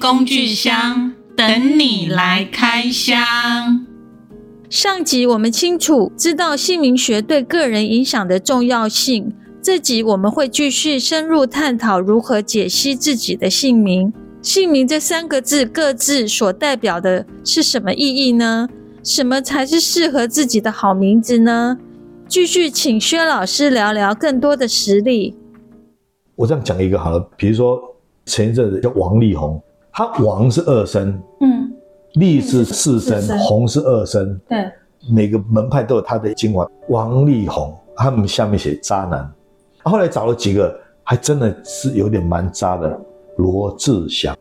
工具箱等你來開箱。上集我們清楚知道姓名學對個人影響的重要性。這集我們會繼續深入探討如何解析自己的姓名。姓名這三個字各自所代表的是什麼意義呢？什麼才是適合自己的好名字呢？繼續請薛老師聊聊更多的實例。我這樣講一個好了，比如說前一陣子叫王力宏。他王是二聲，嗯，力是四聲，紅是二聲。對，每個門派都有他的精華。王力宏他們下面寫渣男，啊、後來找了幾個，還真的是有點蠻渣的。羅志祥，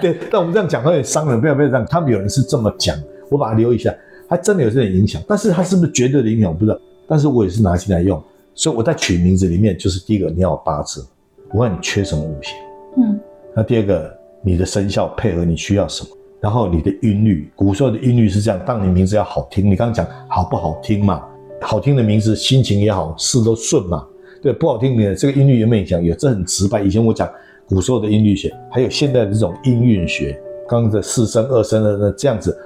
對，但我們這樣講會傷人，不要不要這樣。他們有人是這麼講，我把它留意一下，還真的有這點影響，但是他是不是絕對的影響我不知道。但是我也是拿進來用，所以我在取名字裡面就是第一個你要八字，我看你缺什麼五行，嗯，那第二個。你的生肖配合你需要什麼，然後你的音律，古時候的音律是這樣，當你名字要好聽，你剛剛講好不好聽嘛？好聽的名字，心情也好，事都順嘛。對，不好聽你的，這個音律有沒有講？有，這很直白。以前我講古時候的音律學，還有現在的這種音韻學，剛剛的四聲、二聲的這樣子。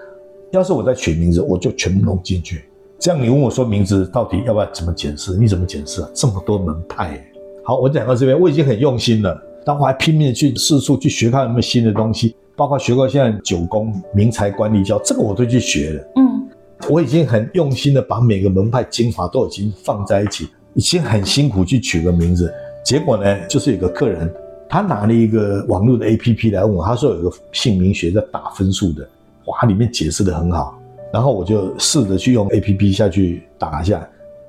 要是我再取名字，我就全部弄進去。這樣你問我說名字到底要不要怎麼解釋？你怎麼解釋啊？這麼多門派，好，我講到這邊，我已經很用心了。但我還拼命去四處去學看有沒有新的東西，包括學過現在九宮、名才、管理教，這個我都去學了。嗯，我已經很用心的把每個門派精華都已經放在一起，已經很辛苦去取個名字。結果呢，就是有個客人，他拿了一個網絡的 APP 來問我，他說有個姓名學在打分數的，哇，裡面解釋得很好。然後我就試着去用 APP 下去打一下，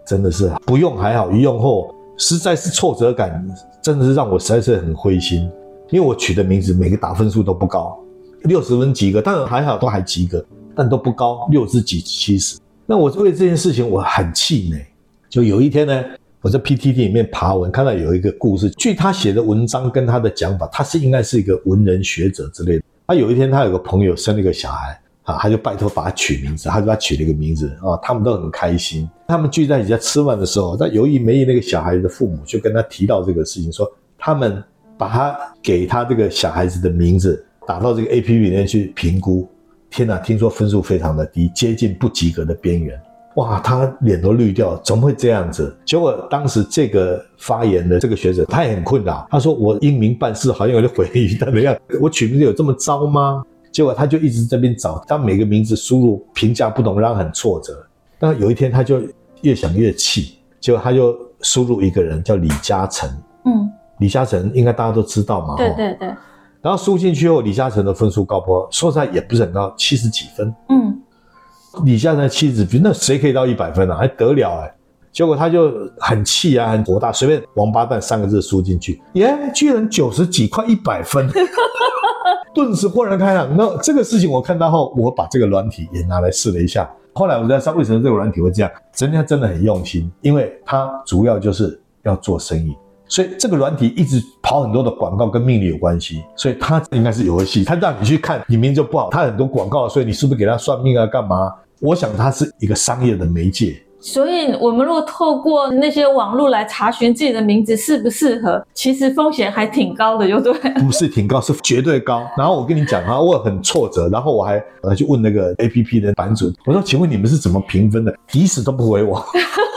真的是不用還好，一用後實在是挫折感。真的是讓我實在是很灰心，因為我取的名字每個打分數都不高，六十分及格，但還好都還及格，但都不高，六十幾、七十。那我為這件事情我很氣餒。就有一天呢，我在 PTT 裡面爬文，看到有一個故事，據他寫的文章跟他的講法，他是應該是一個文人學者之類的。他有一天他有個朋友生了一個小孩。啊，他就拜託把他取名字，他就給他取了一個名字啊，他們都很開心。他們聚在一起吃飯的時候，他由於沒有那個小孩子的父母就跟他提到這個事情，說他們把他給他這個小孩子的名字打到這個 APP 裡面去評估。天哪，聽說分數非常的低，接近不及格的邊緣。哇，他臉都綠掉，怎麼會這樣子？結果當時這個發言的這個學者他也很困擾，他說我英明辦事，好像有點毀譽的樣，我取名字有這麼糟嗎？結果他就一直這邊找，但每個名字輸入評價不同，讓他很挫折。但有一天他就越想越氣，結果他就輸入一個人叫李嘉誠。嗯，李嘉誠應該大家都知道嘛。對對對。然後輸進去後，李嘉誠的分數高不？說實在也不是很高，七十幾分。嗯，李嘉誠七十幾，那誰可以到一百分啊？還得了哎、欸！結果他就很氣啊，很火大，隨便“王八蛋”三個字輸進去，耶，居然九十幾，快一百分！ 頓時豁然開朗。那這個事情我看到後，我把這個軟體也拿來試了一下。後來我就在想，為什麼這個軟體會這樣？人家真的很用心，因為它主要就是要做生意，所以這個軟體一直跑很多的廣告，跟命理有關係，所以它應該是遊戲，它讓你去看，裡面就不好。它很多廣告，所以你是不是給他算命啊？幹嘛？我想它是一個商業的媒介。所以，我們如果透過那些網絡來查詢自己的名字適不適合，其實風險還挺高的就對了。不是挺高，是絕對高。然後我跟你講啊，我很挫折，然後我還，還去問那個 APP 的版主，我說：“請問你們是怎麼評分的？”一次都不回我。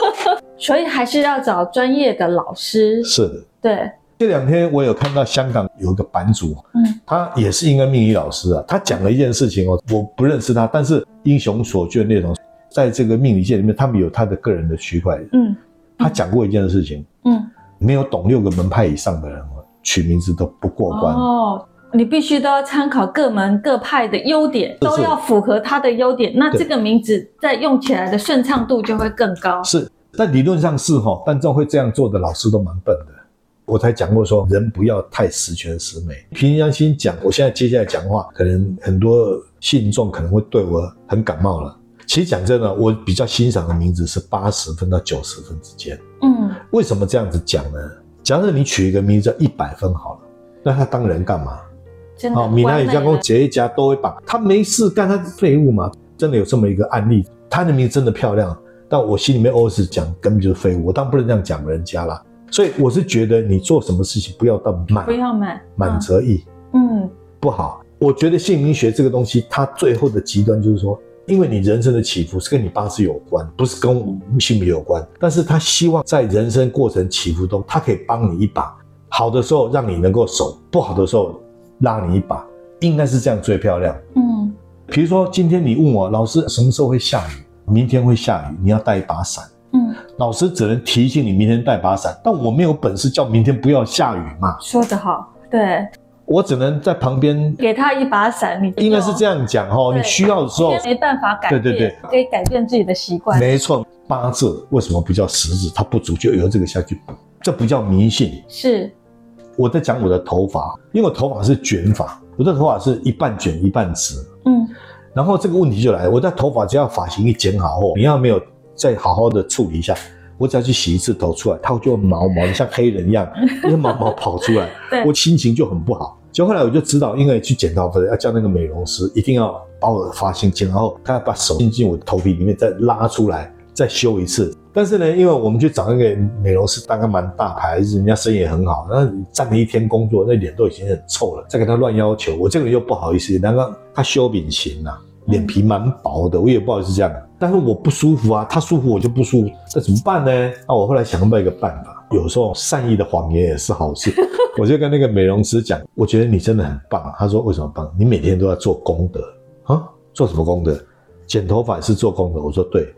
所以還是要找專業的老師。是的，對。這兩天我有看到香港有一個版主，嗯，他也是一個命理老師啊，他講了一件事情哦，我不認識他，但是英雄所見略同。在這個命理界裡面，他們有他的個人的區塊、嗯。嗯，他講過一件事情。嗯，沒有懂六個門派以上的人，取名字都不過關。哦，你必須都要參考各門各派的優點，都要符合他的優點，那這個名字在用起來的順暢度就會更高。是，但理論上是哈，但這種會這樣做的老師都蠻笨的。我才講過說，人不要太十全十美。平常心講，我現在接下來講話，可能很多信眾可能會對我很感冒了。其實講真的，我比較欣賞的名字是八十分到九十分之間。嗯，為什麼這樣子講呢？假設你取一個名字叫一百分好了，那他當人幹嘛？好、啊、閩南語與江工杰一家都會把他沒事幹，他是廢物嘛？真的有這麼一個案例，他的名字真的漂亮，但我心裡面 always 講根本就是廢物，我當然不能這樣講人家啦。所以我是覺得你做什麼事情不要到滿，不要滿，滿則溢。嗯，不好。我覺得姓名學這個東西，它最後的極端就是說。因為你人生的起伏是跟你八字有關，不是跟姓名有關。但是他希望在人生過程起伏中，他可以幫你一把，好的時候讓你能夠走，不好的時候拉你一把，應該是這樣最漂亮。嗯，比如說今天你問我老師，什麼時候會下雨？明天會下雨，你要帶一把傘。嗯，老師只能提醒你明天帶把傘，但我沒有本事叫明天不要下雨嘛。說得好，對。我只能在旁邊給他一把傘。你應該是這樣講哈，你需要的時候，沒辦法改變。對對對，可以改變自己的習慣。沒錯，八字為什麼不叫十字？它不足就由這個下去補，這不叫迷信。是，我在講我的頭髮，因為我頭髮是捲髮，我的頭髮是一半捲一半直。嗯，然後這個問題就來了，我的頭髮只要髮型一剪好後，你要沒有再好好的處理一下，我只要去洗一次頭出來，它就毛毛，像黑人一樣，因為毛毛跑出來 對，我心情就很不好。就後來我就知道，因為去剪頭髮要叫那個美容師一定要把我的髮型剪，然後他要把手伸進我的頭皮裡面再拉出來再修一次。但是呢，因為我們去找那個美容師，大概蠻大牌，人家生意也很好，那站了一天工作，那臉都已經很臭了，再給他亂要求，我這個人又不好意思，那個他修表型吶，臉皮蠻薄的，我也不好意思這樣。但是我不舒服啊，他舒服我就不舒服，那怎麼辦呢？那我後來想了一個辦法。有時候善意的謊言也是好事。我就跟那個美容師講，我覺得你真的很棒。他說為什麼棒？你每天都要做功德啊？做什麼功德？剪頭髮也是做功德。我說對。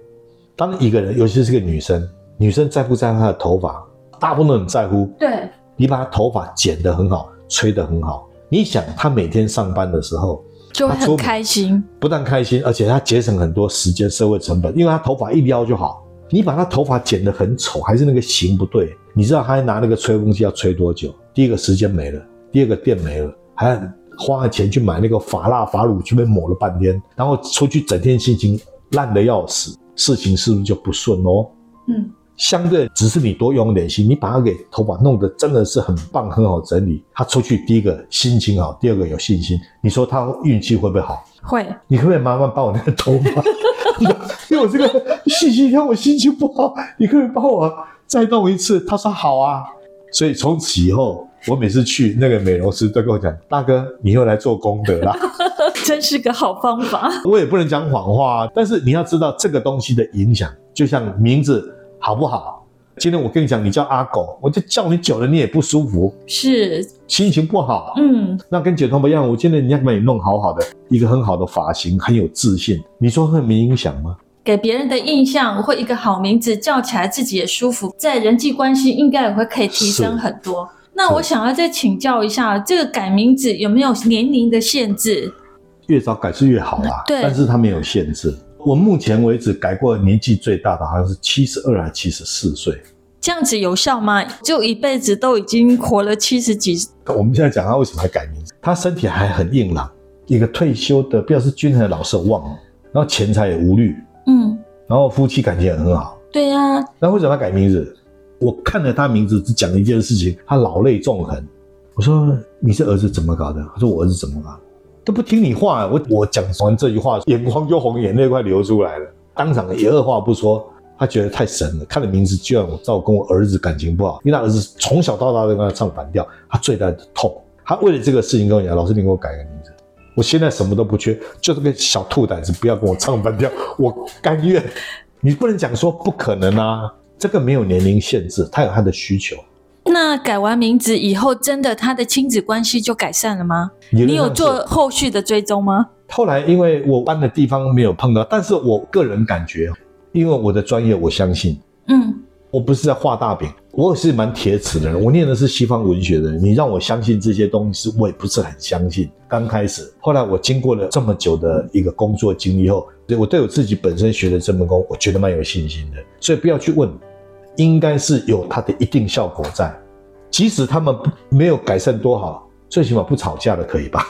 當一個人，尤其是個女生，女生在乎不在乎她的頭髮？大部分都很在乎。對。你把她頭髮剪得很好，吹得很好。你想她每天上班的時候就很開心。不但開心，而且她節省很多時間、社會成本，因為她頭髮一撩就好。你把他頭髮剪得很醜，還是那個型不對？你知道他還拿那個吹風機要吹多久？第一個時間沒了，第二個電沒了，還花了錢去買那個髮蠟、髮乳，去被抹了半天，然後出去整天心情爛得要死，事情是不是就不順哦、喔？嗯，相對只是你多用點心，你把他給頭髮弄得真的是很棒、很好整理，他出去第一個心情好，第二個有信心，你說他運氣會不會好？會、啊。你可不可以麻煩幫我那個頭髮？ 因為我這個。心情讓我心情不好，你可以幫我再弄一次。他說好啊，所以從此以後，我每次去那個美容師都跟我講：“大哥，你又來做功德了，真是個好方法。”我也不能講謊話啊。但是你要知道這個東西的影響，就像名字好不好？今天我跟你講，你叫阿狗，我就叫你久了，你也不舒服，是心情不好。嗯，那跟剪頭髮一樣，我今天你要幫你弄好好的，一個很好的髮型，很有自信。你說會沒影響嗎？給別人的印象，或一個好名字叫起來，自己也舒服，在人際關係應該也會可以提升很多。那我想要再請教一下，這個改名字有沒有年齡的限制？越早改是越好啦，嗯。但是它沒有限制。我目前為止改過年紀最大的好像是七十二還是七十四歲？這樣子有效嗎？就一輩子都已經活了七十幾。我們現在講他、啊，為什麼要改名字，他身體還很硬朗，一個退休的，不示是軍人的老師我忘了，然後錢財也無慮。嗯，然後夫妻感情也很好。對呀、啊，然後為什麼他改名字？我看了他名字，只講一件事情，他老淚縱橫。我說：“你這兒子怎麼搞的？”他說：“我兒子怎麼了？都不聽你話。我”我我講完這句話，眼眶就紅，眼淚快流出來了。當場也二話不說，他覺得太神了，看了名字居然知道跟我兒子感情不好，因為他兒子從小到大都跟他唱反調，他最大的痛。他為了這個事情跟我講，老師你給我改個名字。我現在什麼都不缺，就是個小兔崽子，不要跟我唱反調。 我甘願，你不能講說不可能啊，這個沒有年齡限制，他有他的需求。那改完名字以後，真的他的親子關係就改善了嗎，你？你有做後續的追蹤嗎？後來因為我搬的地方沒有碰到，但是我個人感覺，因為我的專業，我相信，嗯，我不是在畫大餅。我也是蠻鐵齒的人，我念的是西方文學的人。你讓我相信這些東西，我也不是很相信。剛開始，後來我經過了這麼久的一個工作經歷後，對我對我自己本身學的這門功，我覺得蠻有信心的。所以不要去問，應該是有它的一定效果在。即使他們沒有改善多好，最起碼不吵架了，可以吧？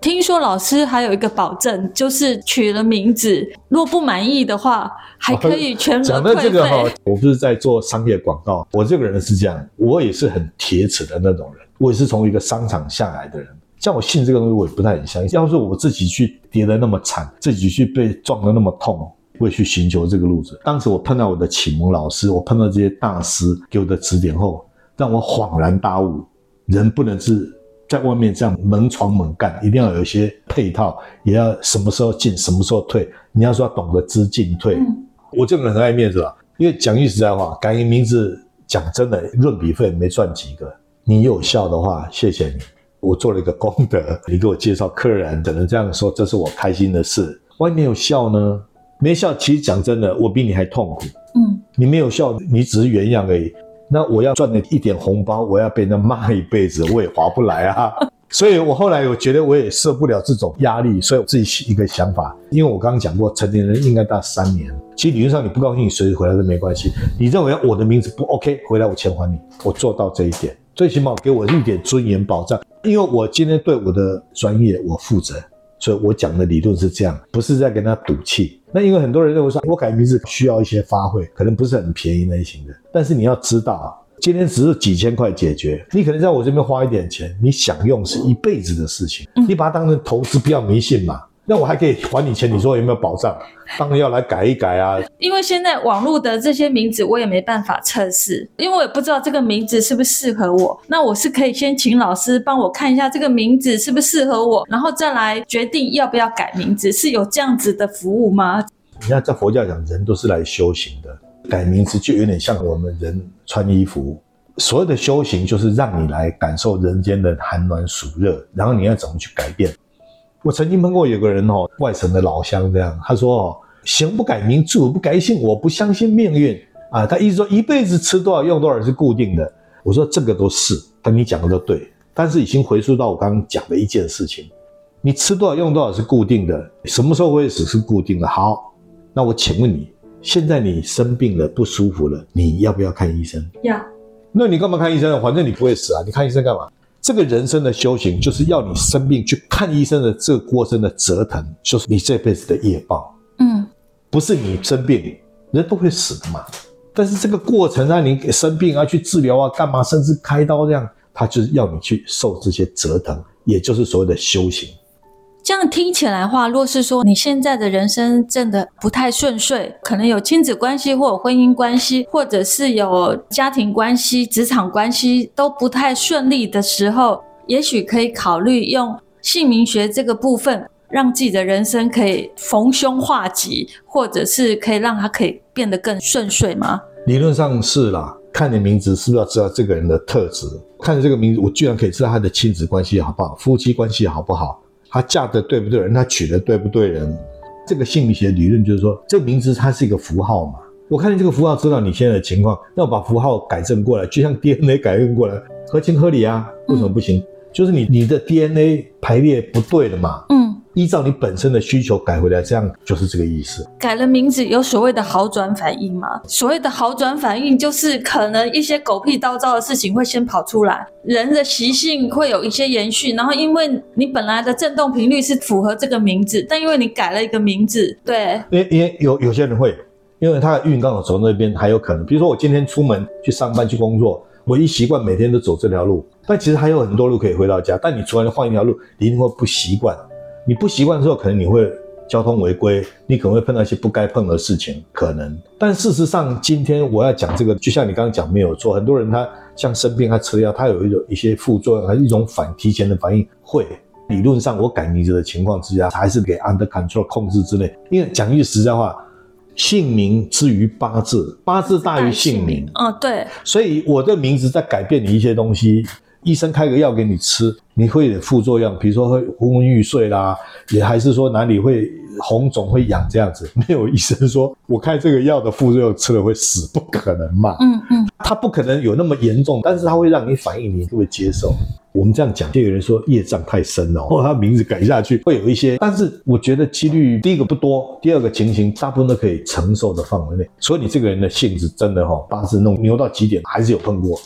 聽說老師還有一個保證，就是取了名字，若不滿意的話，還可以全額退費。講到這個齁，我不是在做商業廣告，我這個人是這樣，我也是很鐵齒的那種人。我也是從一個商場下來的人，像我信這個東西，我也不太很相信。要不是我自己去跌得那麼慘，自己去被撞得那麼痛，我也去尋求這個路子。當時我碰到我的啟蒙老師，我碰到這些大師給我的指點後，讓我恍然大悟，人不能是。在外面這樣猛闖猛幹，一定要有一些配套，也要什麼時候進，什麼時候退。你要說要懂得知進退，嗯、我這個人很愛面子啊，因為講句實在話，改名名字，講真的，潤筆費沒賺幾個。你有效的話，謝謝你，我做了一個功德。你給我介紹客人，只能這樣說，這是我開心的事。萬一沒有效呢，沒效，其實講真的，我比你還痛苦。嗯，你沒有效，你只是原樣而已。那我要賺那一點紅包，我要被人家罵一輩子，我也划不來啊。 所以我後來我覺得我也受不了這種壓力，所以我自己一個想法，因為我剛剛講過，成年人應該大三年。其實理論上你不高興，你隨時回來都沒關係。你認為我的名字不 OK，回來我錢還你，我做到這一點，最起碼給我一點尊嚴保障。因為我今天對我的專業我負責，所以我講的理論是這樣，不是在跟他賭氣。那因為很多人認為說，我改名字需要一些花費，可能不是很便宜類型的。但是你要知道啊，今天只是幾千塊解決，你可能在我這邊花一點錢，你享用是一輩子的事情。你把它當成投資，不要迷信嘛。那我還可以還你錢，你說有沒有保障？當然要來改一改啊！ 因為現在網絡的這些名字我也沒辦法測試，因為我也不知道這個名字是不是適合我。那我是可以先請老師幫我看一下這個名字是不是適合我，然後再來決定要不要改名字，是有這樣子的服務嗎？你看，在佛教講，人都是來修行的，改名字就有點像我們人穿衣服。所有的修行就是讓你來感受人間的寒暖暑熱，然後你要怎麼去改變？我曾經碰過有個人哦，外省的老鄉這樣，他說哦，行不改名，坐不改姓，我不相信命運啊。他意思說一輩子吃多少用多少是固定的。我說這個都是他，但你講的都對，但是已經回溯到我剛剛講的一件事情，你吃多少用多少是固定的，什麼時候會死是固定的。好，那我請問你，現在你生病了不舒服了，你要不要看醫生？要。那你幹嘛看醫生？反正你不會死啊，你看醫生干嘛？這個人生的修行，就是要你生病去看醫生的這個過程的折騰，就是你這輩子的業報。嗯，不是你生病，人都會死的嘛。但是這個過程讓、啊、你生病啊，去治療啊，幹嘛，甚至開刀這樣，他就是要你去受這些折騰，也就是所謂的修行。這樣聽起來的話，若是說你現在的人生真的不太順遂，可能有親子關係或婚姻關係，或者是有家庭關係、職場關係都不太順利的時候，也許可以考慮用姓名學這個部分，讓自己的人生可以逢凶化吉，或者是可以讓它可以變得更順遂嗎？理論上是啦，看你名字是不是要知道這個人的特質？看着這個名字，我居然可以知道他的親子關係好不好，夫妻關係好不好？他嫁的對不對人？他娶的對不對人？這個姓名學理論就是說，這名字它是一個符號嘛。我看見這個符號，知道你現在的情況，那我把符號改正過來，就像 DNA 改正過來，合情合理啊。為什麼不行？嗯、就是你你的 DNA 排列不對的嘛。嗯。依照你本身的需求改回來，這樣就是這個意思。改了名字有所謂的好轉反應嗎？所謂的好轉反應就是可能一些狗屁倒灶的事情會先跑出來，人的習性會有一些延續。然後因為你本來的震動頻率是符合這個名字，但因為你改了一個名字，對，因為因為有有些人會，因為他的運剛好走那邊還有可能。比如說我今天出門去上班去工作，我一習慣每天都走這條路，但其實還有很多路可以回到家。但你突然換一條路，你一定會不習慣。你不習慣的時候，可能你會交通違規，你可能會碰到一些不該碰的事情，可能。但事實上，今天我要講這個，就像你剛剛講沒有錯，很多人他像生病，他吃藥，他有一種一些副作用，還是一種反提前的反應，會理論上我改名字的情況之下，還是給 under control 控制之類，因為講句實在話，姓名之於八字，八字大於姓名。嗯、哦，對。所以我的名字在改變你一些東西。醫生開個藥給你吃，你會有副作用，比如說會昏昏欲睡啦，也還是說哪裡會紅腫、會癢這樣子。沒有醫生說，我開這個藥的副作用吃了會死，不可能嘛。嗯嗯，他不可能有那麼嚴重，但是他會讓你反應，你就會，會接受、嗯。我們這樣講，就有人說業障太深了，或、哦、他名字改下去會有一些，但是我覺得幾率第一個不多，第二個情形大部分都可以承受的範圍內。所以你這個人的性質真的哈八字弄牛到極點，還是有碰過，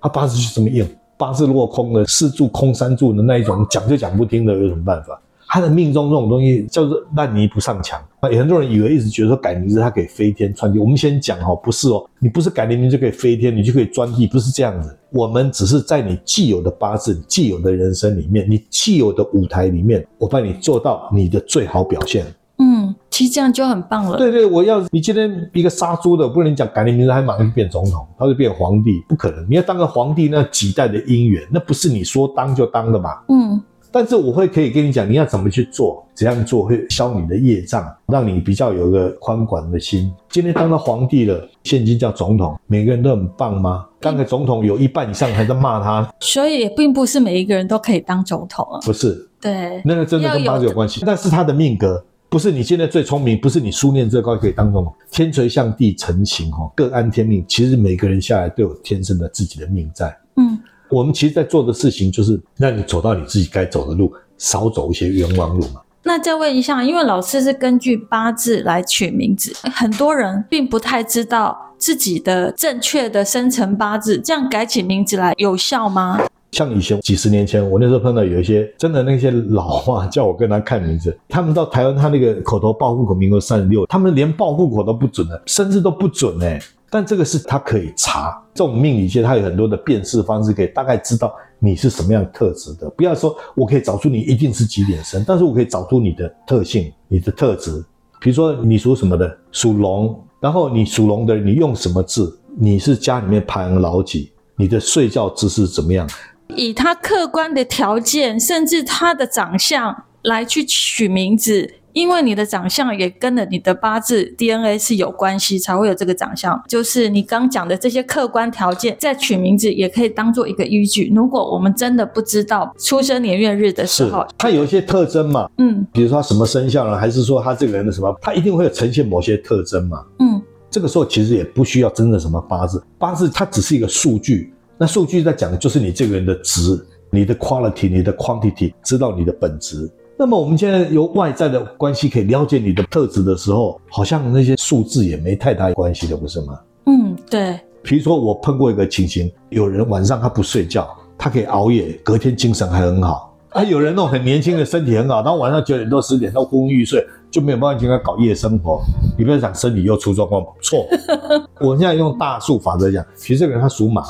他八字就這麼硬。八字落空的，四柱空三柱的那一種，講就講不聽的，有什麼辦法？他的命中這種東西叫做爛泥不上牆啊！有很多人以為一直覺得說改名字他可以飛天穿地，我們先講哦，不是哦，你不是改了名就可以飛天，你就可以鑽地，不是這樣子。我們只是在你既有的八字、既有的人生裡面、你既有的舞台裡面，我幫你做到你的最好表現。嗯。其實這樣就很棒了。對對，我要你今天一個殺豬的，不能講改你名字，還馬上就變總統，他會變皇帝，不可能。你要當個皇帝，那幾代的因緣，那不是你說當就當的嘛。嗯，但是我會可以跟你講，你要怎麼去做，怎樣做會消你的業障，讓你比較有一個寬廣的心。今天當了皇帝了，現今叫總統，每個人都很棒嗎？當個總統有一半以上還在罵他，所以並不是每一個人都可以當總統啊。不是，對，那個真的跟八字有關係有，但是他的命格。不是你現在最聰明，不是你書念最高可以當中。天垂向地成形，各安天命。其實每個人下來都有天生的自己的命在。嗯，我們其實在做的事情就是讓你走到你自己該走的路，少走一些冤枉路嘛。那再問一下，因為老師是根據八字來取名字，很多人並不太知道自己的正確的生辰八字，這樣改起名字來有效嗎？像以前幾十年前，我那時候碰到有一些真的那些老話，叫我跟他看名字。他們到台灣，他那個口頭報戶口名額三十六，他們連報戶口都不準了，甚至都不準誒、欸。但這個是他可以查，這種命理學它有很多的辨識方式，可以大概知道你是什麼樣的特質的。不要說我可以找出你一定是幾點生，但是我可以找出你的特性、你的特質。比如說你屬什麼的，屬龍。然後你屬龍的人，你用什麼字？你是家裡面排行老幾？你的睡覺姿勢怎麼樣？.以他客觀的條件，甚至他的長相來去取名字，因為你的長相也跟了你的八字 DNA 是有關係，才會有這個長相。就是你剛講的這些客觀條件，在取名字也可以當做一個依據。如果我們真的不知道出生年月日的時候，他它有一些特徵嘛。嗯，比如說他什麼生肖呢？還是說他這個人的什麼，他一定會有呈現某些特徵嘛。嗯，這個時候其實也不需要真的什麼八字，八字它只是一個數據。那數據在講的就是你這個人的值，你的 quality，你的 quantity，知道你的本質。那麼我們現在由外在的關係可以了解你的特質的時候，好像那些數字也沒太大關係的，不是嗎？嗯，對。譬如說我碰過一個情形，有人晚上他不睡覺，他可以熬夜，隔天精神還很好。啊，有人那種很年輕的身體很好，然後晚上九點多十點多昏昏欲睡，就沒有辦法經常搞夜生活。你不要講身體又出狀況，錯。 我現在用大數法則講，其實這個人他屬馬。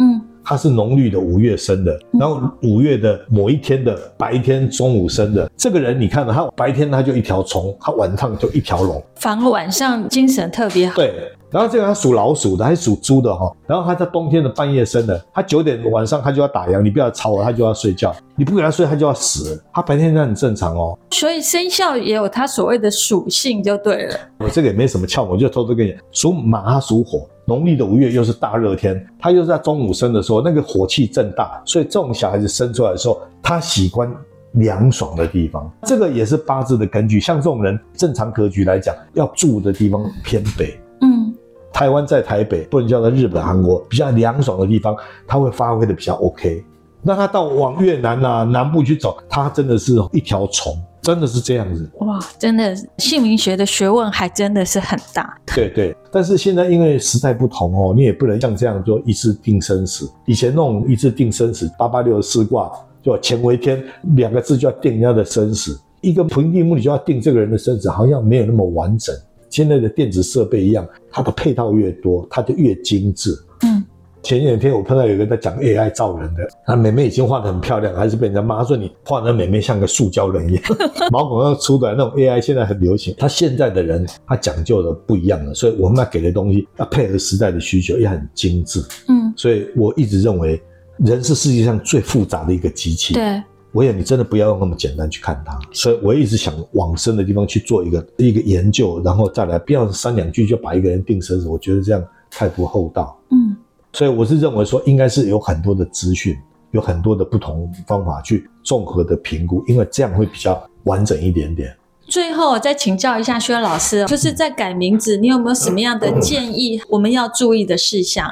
嗯，他是農曆的，五月生的。然後五月的某一天的白天中午生的這個人，你看到他白天他就一條蟲，他晚上就一條龍，反而晚上精神特別好。對，然後這個他屬老鼠的還是屬豬的哈？然後他在冬天的半夜生的，他九點晚上他就要打烊，你不要吵我，他就要睡覺。你不給他睡，他就要死。他白天他很正常哦。所以生肖也有他所謂的屬性，就對了。我這個也沒什麼竅門，就偷偷跟你，屬馬屬火。農曆的五月又是大熱天，他又是在中午生的時候，那個火氣正大，所以這種小孩子生出來的時候，他喜歡涼爽的地方。這個也是八字的根據。像這種人，正常格局來講，要住的地方偏北。嗯，台灣在台北，不能叫它日本、韓國，比較涼爽的地方，他會發揮的比較 OK。那他到往越南啊南部去走，他真的是一條蟲。真的是這樣子哇！真的姓名學的學問還真的是很大。對，對對，但是現在因為時代不同哦，你也不能像這樣做一次定生死。以前那種一次定生死，八八六十四卦，就乾為天兩個字就要定人家的生死，一個平地木你就要定這個人的生死，好像沒有那麼完整。現在的電子設備一樣，它的配套越多，它就越精致。嗯。前兩天我看到有個在講 AI 造人的，他妹妹已經畫得很漂亮，還是被人家罵說，你畫得妹妹像個塑膠人一樣， 毛孔要粗的。」那種 AI 現在很流行。他現在的人他講究的不一樣了，所以我們要給的東西要配合時代的需求，也很精致。嗯，所以我一直認為人是世界上最複雜的一個機器。對，我也你真的不要用那麼簡單去看它。所以我一直想往深的地方去做一個一個研究，然後再來，不要三兩句就把一個人定生死。我覺得這樣太不厚道。嗯。所以我是認為說，應該是有很多的資訊，有很多的不同方法去綜合的評估，因為這樣會比較完整一點點。最後，我再請教一下薛老師，就是在改名字，你有沒有什麼樣的建議？我們要注意的事項，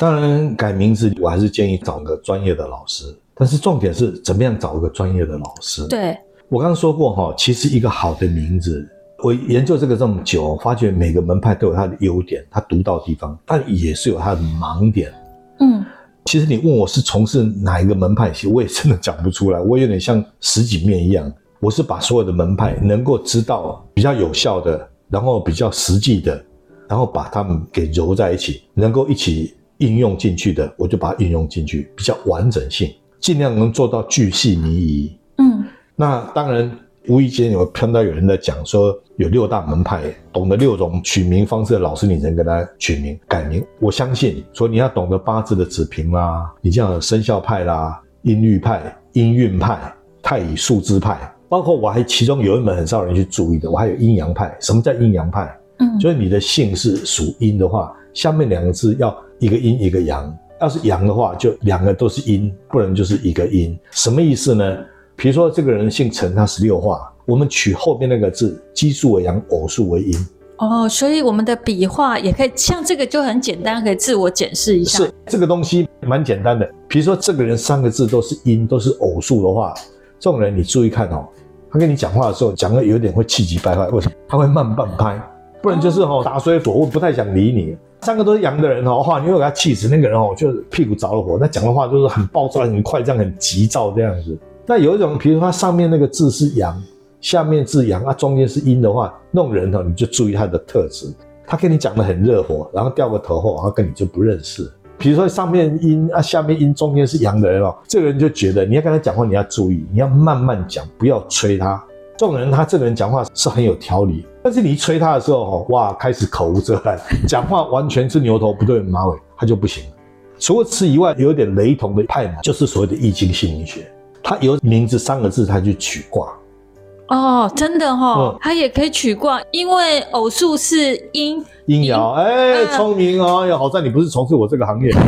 嗯嗯。當然，改名字我還是建議找個專業的老師，但是重點是怎麼樣找個專業的老師？對，我剛剛說過哈，其實一個好的名字。我研究這個這麼久，發覺每個門派都有它的優點，它獨到的地方，但也是有它的盲點。嗯，其實你問我是從事哪一個門派，我也真的講不出來。我有點像十幾面一樣，我是把所有的門派能夠知道比較有效的，然後比較實際的，然後把它們給揉在一起，能夠一起應用進去的，我就把它應用進去，比較完整性，盡量能做到巨細靡遺。嗯，那當然，無意間有碰到有，有人在講，說有六大門派懂得六種取名方式的老師，你能給他取名改名？我相信，說你要懂得八字的子平啦、啊，你這樣的生肖派啦、音律派、音韻派、太乙數字派，包括我還其中有一門很少人去注意的，我還有陰陽派。什麼叫陰陽派？嗯，就是你的姓是屬陰的話，下面兩個字要一個陰一個陽；要是陽的話，就兩個都是陰，不能就是一個陰。什麼意思呢？比如說，這個人姓陳，他十六畫，我們取後面那個字，奇數為陽，偶數為陰。哦、oh,，所以我們的筆畫也可以像這個就很簡單， 可以自我檢視一下。是這個東西蠻簡單的。比如說，這個人三個字都是陰，都是偶數的話，這種人你注意看哦，他跟你講話的時候講的有點會氣急敗壞。為什麼？他會慢半拍，不然就是哦打水火。我不太想理你。Oh. 三個都是陽的人哦，哇，你會給他氣死。那個人哦，就是屁股着了火，那講的話就是很暴躁、很快，這樣很急躁這樣子。那有一種，比如說他上面那個字是陽，下面字陽，啊中間是陰的話，那種人哦，你就注意他的特質。他跟你講得很熱火，然後掉個頭後，然後跟你就不認識了。比如說上面陰啊，下面陰，中間是陽的人哦，這個人就覺得你要跟他講話，你要注意，你要慢慢講，不要催他。這種人他這個人講話是很有條理，但是你一催他的時候哦，哇，開始口無遮攔，講 話完全是牛頭不對馬尾，他就不行了。除了此以外，有一點雷同的派嘛，就是所謂的易經心理學。他有名字三個字，他去取卦。哦，真的哈、哦嗯，他也可以取卦，因為偶數是陰陰爻。哎，聰、欸嗯、明哦、呃，好在你不是從事我這個行業 、啊。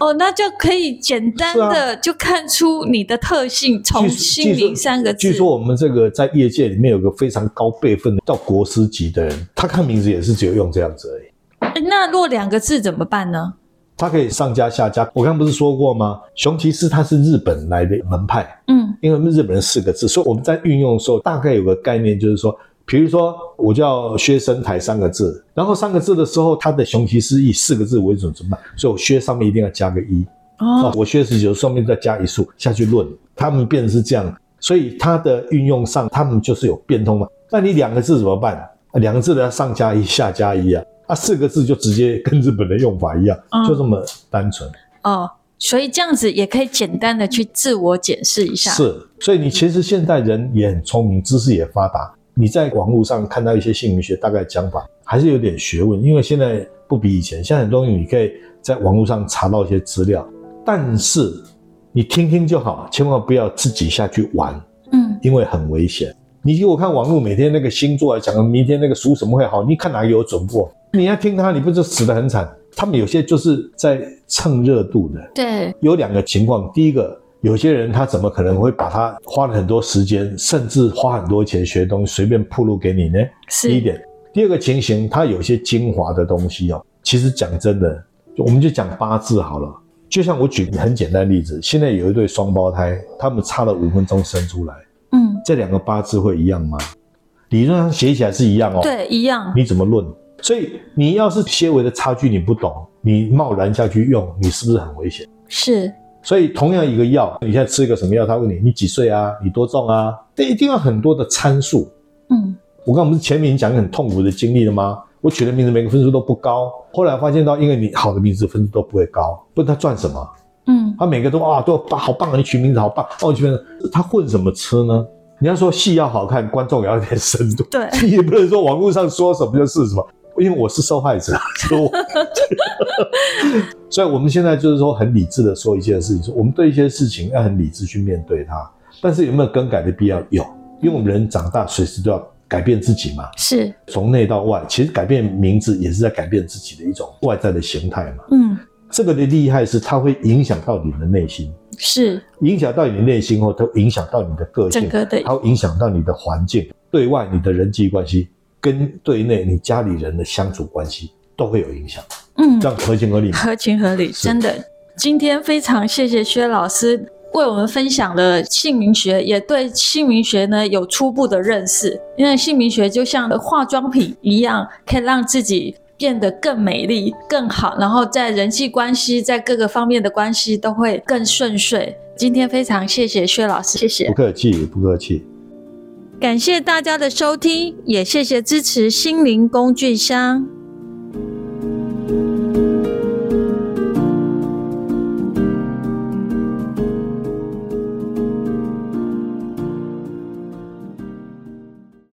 哦，那就可以簡單的就看出你的特性。據、啊、姓名三個字據據，據說我們這個在業界裡面有個非常高輩分的，叫國師級的人，他看名字也是只有用這樣子而已。那若兩個字怎麼辦呢？他可以上加下加，我剛剛不是說過嗎？熊崎氏他是日本來的門派，嗯，因為日本人四個字，所以我們在運用的時候，大概有個概念，就是說，比如說我叫薛生台三個字，然後三個字的時候，他的熊崎氏以四個字為準，怎麼辦？所以，我薛上面一定要加個一，哦，啊、我薛十九上面再加一數下去論，他們變成是這樣，所以他的運用上，他們就是有變通嘛。那你兩個字怎麼辦？兩、啊、個字的要上加一下加一啊。啊，四個字就直接跟日本的用法一樣，嗯，就這麼單純哦。所以這樣子也可以簡單的去自我解釋一下。是，所以你其實現代人也很聰明，知識也發達。你在網絡上看到一些姓名學大概講法，還是有點學問。因為現在不比以前，現在很多東西，你可以在網絡上查到一些資料，但是你聽聽就好，千萬不要自己下去玩，嗯，因為很危險。你給我看網絡每天那個星座講明天那個屬什麼會好，你看哪個有準過？你要聽他，你不就死得很慘？他們有些就是在蹭熱度的。對，有兩個情況。第一個，有些人他怎麼可能會把他花了很多時間，甚至花很多錢學東西，隨便披露給你呢？是。第一點。第二個情形，他有些精華的東西哦。其實講真的，我們就講八字好了。就像我舉個很簡單的例子，現在有一對雙胞胎，他們差了五分鐘生出來。嗯。這兩個八字會一樣嗎？理論上寫起來是一樣哦。對，一樣。你怎麼論？所以你要是些微的差距你不懂，你貿然下去用，你是不是很危險？是。所以同樣一個藥，你現在吃一個什麼藥？他問你，你幾歲啊？你多重啊？這一定要很多的參數。嗯。我剛剛不是前面講很痛苦的經歷了嗎？我取的名字每個分數都不高，後來發現到因為你好的名字分數都不會高，不然他賺什麼？嗯。他每個都啊都好棒啊，你取名字好棒，我、哦、取名字他混什麼吃呢？你要說戲要好看，觀眾也要有點深度。對，也不能說網絡上說什麼就是什麼。因為我是受害者，所以，所以我們現在就是說很理智的說一件事情，說我們對一些事情要很理智去面對它。但是有沒有更改的必要？有，因為我們人長大隨時都要改變自己嘛。是，從內到外，其實改變名字也是在改變自己的一種外在的形態嘛。嗯，這個的厲害是它會影響到你的內心，是影響到你的內心後，它會影響到你的個性，它會影響到你的環境，對外你的人際關係，跟對內你家裡人的相處關係都會有影響，嗯，這樣合情合理，合情合理，真的。今天非常謝謝薛老師為我們分享了姓名學，也對姓名學呢有初步的認識。因為姓名學就像化妝品一樣，可以讓自己變得更美麗、更好，然後在人際關係、在各個方面的關係都會更順遂。今天非常謝謝薛老師，謝謝，不客氣，不客氣。感謝大家的收聽，也謝謝支持心靈工具箱。